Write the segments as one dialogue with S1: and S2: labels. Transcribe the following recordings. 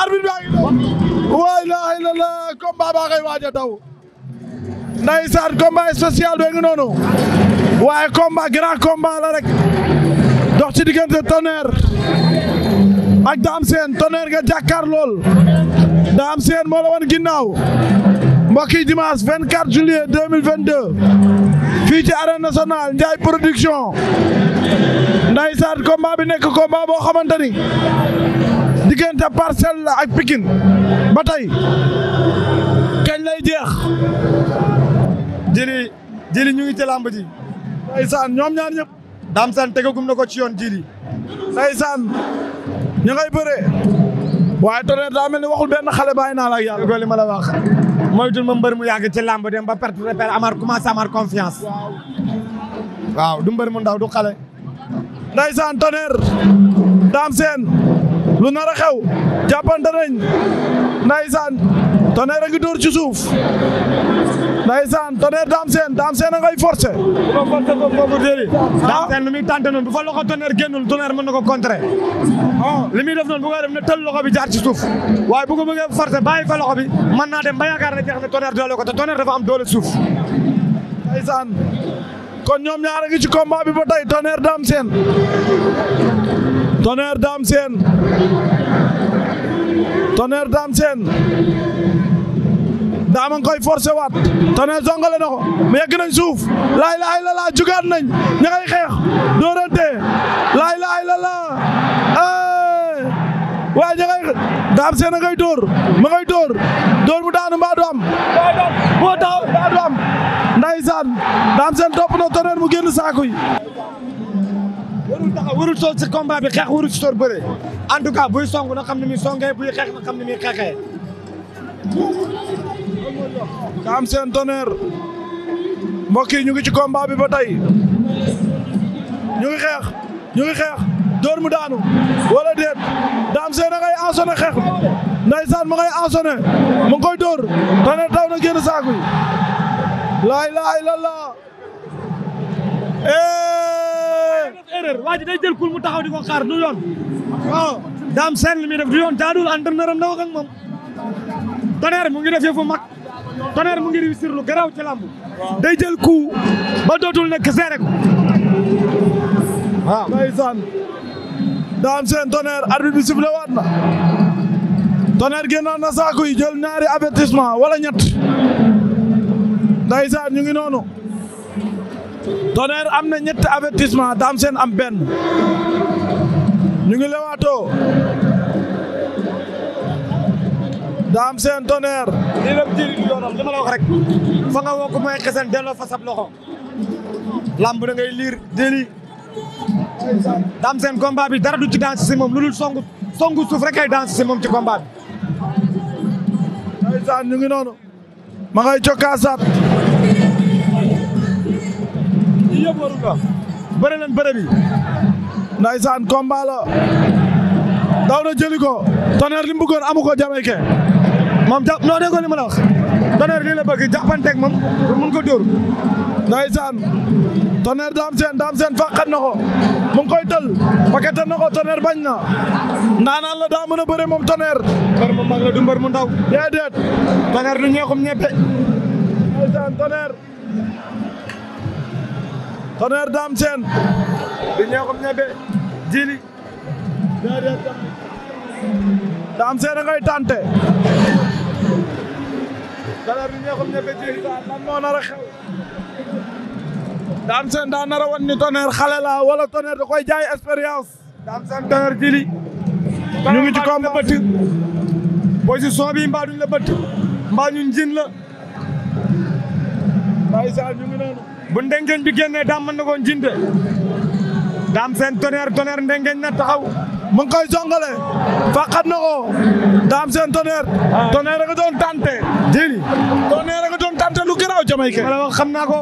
S1: arbitre laa xay la la combat baa koy waaj a daw ndeysaan combat bee ngi waaye combat grand combat la rek dox ci diggante Tonnerre ak Dame Sène Tonnerre nga jàkkaar lool Dame Sène moo la ginnaaw mbokk yi dimanche 24 juillet 2022 fii ci arène nationale Ndiaye production ndeysaan combat bi nekk boo xamante ni diggante parcelle la ak pikin ba tey kañ lay jeex jëli jëli ñu ngi ci làmb ji ndeysaan ñoom ñaar ñëpp daam saan tegagum na ko ci yoon jili ndeysaan ñu ngay bëree waaye Tonnerre daa mel ni waxul benn xale bàyyi naa la ak yàlla li ma la wax moytul ma mbër mu yàgg ci làmb dem ba perte repère amar commencé amar confiance waaw du mbër mu ndaw du xale ndeysaan Tonnerre daam lu nar a xew jàppante nañ ndaysaan Tonnerre a ngi dóor ci suuf ndaysaan Tonnerre Dame Sène Dame Sène a ngay forcé ko forcé ko ko bu déri ah? Dame Sène lu muy tànte bu fa loxo Tonnerre génnul Tonnerre mën na ko contrer oh, li muy def noonu bu ko def na tël loxo bi jaar ci suuf waaye bu ko bëggee forcé bàyyi fa loxo bi mën naa dem ba yaakaar ne jeex na Tonnerre doole ko te Tonnerre dafa am doole suuf ndaysaan kon ñoom ñaar a bi ba tey Tonnerre Dame Sène Tonnerre Dame Sène Tonnerre Dame koy forcé waat Tonnerre zongale na mu yegg nañ suuf laay laay la laa jugaat nañ ña ngay xeex doorante laay laay la laa waaye ña ngay Dame Sène a ngay dóor ma ngay dóor dóor bu daanu mbaa du am moo taxaw mbaa du am ndeysaan na Tonnerre mu génn saaku yi warul taxaw warul soog si combat bi xeex warul si soor bëre en tout cas buy song na xam ne muy songee buy xeex na xam ne muy xeexee. Dame Sène Tonnerre mbokk ñu ngi ci combat bi ba tey ñu ngi xeex ñu xeex door mu daanu wala déet Dame Sène da ngay ensonné xeex ndaysaan ma ngay ensonné mu koy door Tonnerre daw na génn saako yi. laa ilaaha illallaah eh! erreur waa day jël kul mu taxaw di ko xaar du yoon waaw daam seen li muy def du yoon jaadul entraîneur am na wax ak moom mu ngi def yëfu mag Tonnerre mu ngi réussir lu garaaw ci làmb day jël coup ba dootul nekk seere ko waaw ndeysaan daam seen Tonnerre arbitre bi sifflé waat na Tonnerre génnoon na saako yi jël ñaari avertissement wala ñett ndeysaan ñu ngi noonu Tonnerre am na ñetti avertissement Dame seen am benn ñu ngi lewaatoo Dame Sène Tonnerre lii lépp jëriñ li doonam li ma la wax rek fa nga wokk mooy xesen delloo fa sab loxo lamb da liir déli Dame Sène combat bi dara du ci danse si moom lu dul songu songu suuf rek si moom ci combat bi ndeysaan noonu ma ngay cokkaasaat li yëpp waru nga bëri leen bëri bi ndaysaan combat la daw na jëli ko Tonnerre li mu bëggoon amu ko Jamaïque moom jàpp noo li ma la wax Tonnerre lii moom mun ko dóor ndaysaan Tonnerre daam seen daam seen fàqat na ko mu ngi koy tël paquetal na ko Tonnerre bañ na ndaanaan la daa mën a moom Tonnerre mbër mu mag la du mbër mu ndaw déedéet Tonnerre du ñeexum ñeppe ndaysaan Tonnerre tonnerre Dame Sène di ñeexum ñebe jili Dame Sène ngay tante tonnerre di ñeexum ñebe jili lan moo nar daa nar a wan ni tonnerre xale wala tonnerre da koy jaay expérience Dame Sène tonnerre jili ñu ngi ci koom bëtt position bi mbaa duñ la bëtt mbaa ñun jin la ndeysaan ñu ngi noonu bu ndengeñ bi génn daam mën na koo njinte daam sen tonnerre tonnerre ndengeñ na taxaw mu ngi koy jongale faqat na ko daam seen tonnerre ah. tonnerre nga doon tante jini tonnerre nga doon tante lu garaaw jamayke wala wax xam naa ko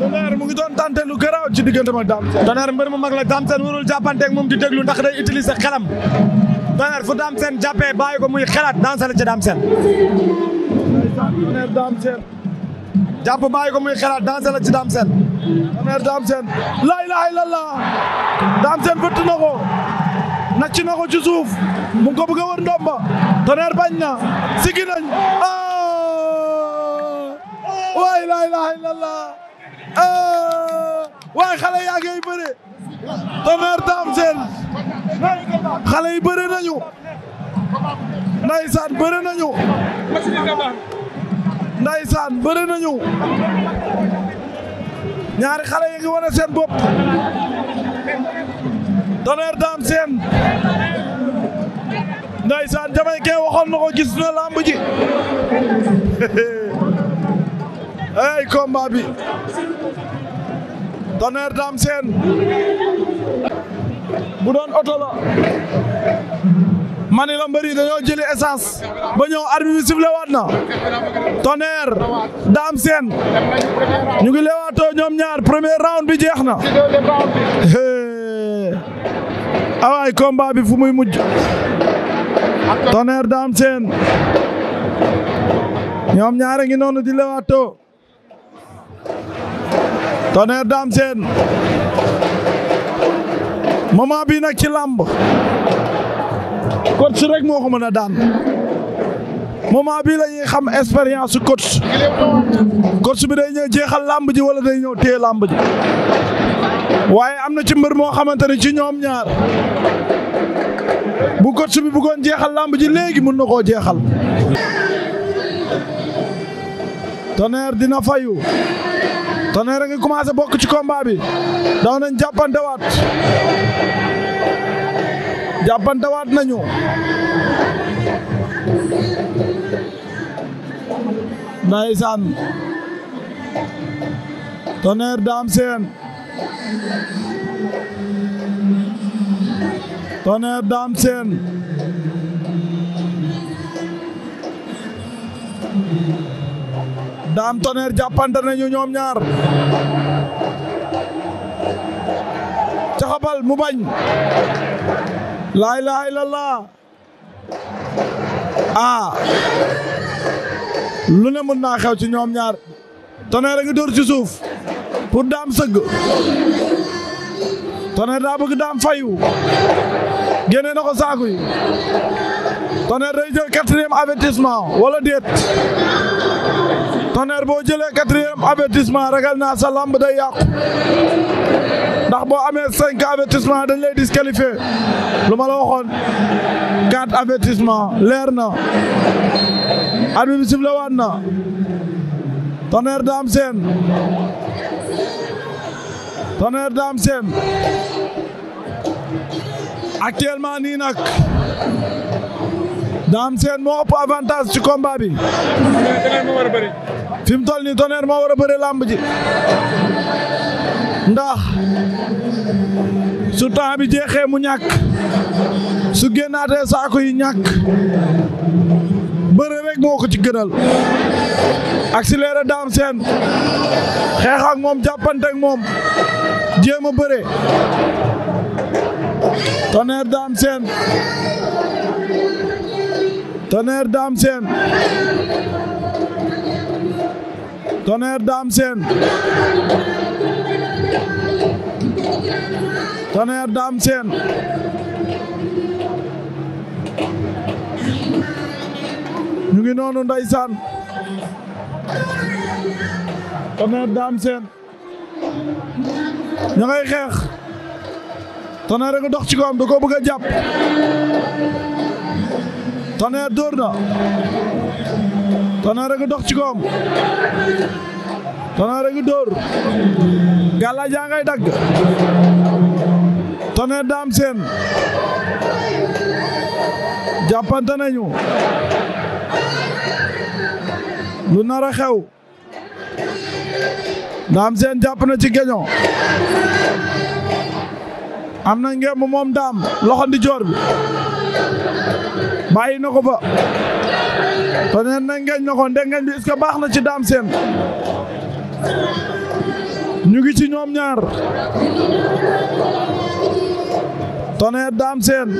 S1: tonnerre mu ngi doon tante lu garaaw ci diggante ma daam seen tonnerre mbër mu mag la daam seen warul jàppanteeg moom di déglu ndax day utiliser xelam tonnerre fu daam seen jàppee bàyyi ko muy xelaat dansale ca daam sen jàpp bàyyi ko muy xelaat dansé la ci Dame Sène Tonnerre Dame Sène laa ilaaha illallah Dame Sène bëtt na ko nacc na ko ci suuf mu ngi ko ndomba Tonnerre bañ na sigi nañ ah! waay laa ilaaha illallah ah! waay xale yaa ngi bëre Tonnerre Dame Sène xale yi bëre nañu ndeysaan bëre nañu ndaysaan bëri nañu ñaari xale yi ngi wane seen bopp Tonnerre Dame Sène ndaysaan jamay kee waxoon na ko gis na lamb ji ay combat bi Tonnerre Dame bu doon oto ma ni la dañoo jëli essence ba ñëw arbitre bi sifflé waat na Tonnerre Dame Sène ñu ngi leewaatoo ñoom ñaar premier round bi jeex na awaay ah combat bi fu muy mujj Tonnerre Dame Sène ñoom ñaar ngi noonu di leewaatoo Tonnerre Dame Sène moment bi nag ci làmb coach rek moo ko mën a daan moment bii la ñuy xam expérience su coach bi day ñëw jeexal làmb ji wala day ñëw téye làmb ji waaye am na ci mbër moo xamante ne ci ñoom ñaar bu coach bi bëggoon jeexal làmb ji léegi mën na koo jeexal. Tonnerre dina fayu Tonnerre a ngi commencé bokk ci combat bi daw nañ jàppantewaat jàppantewaat nañu ndaysaan Tonnerre Dame Sène Tonnerre Dame Sène Dame Tonnerre jàppante nañu ñoom ñaar caxabal mu bañ la ilaha illallah ah lu ne mën naa xew ci ñoom ñaar Tonnerre a ngi dóor ci suuf pour Dame sëgg Tonnerre daa bëgg Dame fayu génne na ko saaku yi Tonnerre day jël quatrième avertissement wala déet Tonnerre boo jëlee quatrième avertissement ragal naa sa lamb day yàqu ndax boo amee cinq avertissement dañ lay disqualifié lu ma la waxoon quatre avertissement leer na arbitre bi sifflé waat na Tonnerre Dame Sène Tonnerre Dame Sène actuellement nii nag Dame Sène moo ëpp avantage ci combat bi fi mu toll nii Tonnerre moo war a bëri lamb ji ndax su temps bi jeexee mu ñàkk su génnaatee saako yi ñàkk bëre rek moo ko ci gënal accéléré daam seen xeex moom jàppante ak moom jéem a bëre tonnerre daam seen tonnerre daam seen tonnerre daam seen Tonnerre Dame Sène ñu ngi noonu ndeysaan Tonnerre Dame Sène ña ngay xeex Tonnerre nga dox ci koom da ko bëgg a jàpp Tonnerre dóor na Tonnerre dox ci koom ngi dóor ngay dagg Tonnerre Dame Sène jàppante nañu lu nar a xew Dame seen jàpp na ci geño am na ngeen moom daam loxo ndi joor bi bàyyi na ko fa Tonnerre na ngeen na ko ndengeñ bi est-ce baax na ci Dame seen ñu ngi ci ñoom ñaar Tonnerre Dame Sène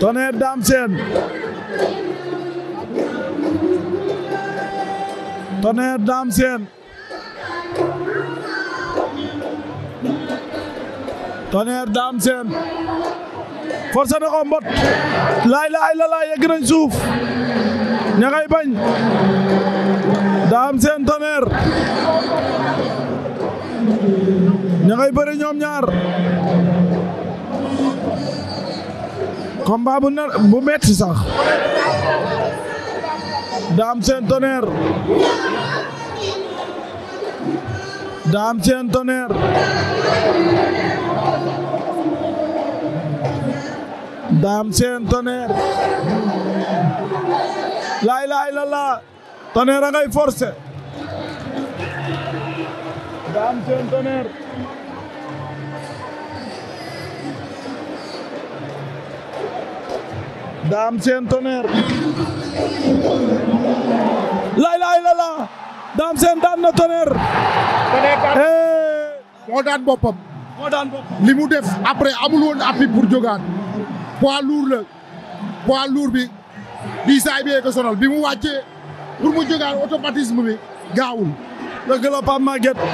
S1: Tonnerre Dame Sène Tonnerre Dame Sène Tonnerre Dame Sène na ko laay laay la laay yegg nañ suuf ña ngay bañ Dame Sène Tonnerre ña ñoom ñaar combat bu nar bu metti sax Dame Sène Tonnerre Dame Sène Tonnerre Dame Sène laa ilaaha illallah Tonnerre a ngay forcé Dame Sène Tonnerre Dame Sène Tonnerre laa ilaaha illallah Dame Sène eh. moo daan boppam moo daan boppam def après amul woon appui pour jógaat poids lourd la poids lourd bi bii saay bee ko sonal bi mu wàccee pour mu jógaan automatisme bi gaawul. dëgg la Pape Maguette.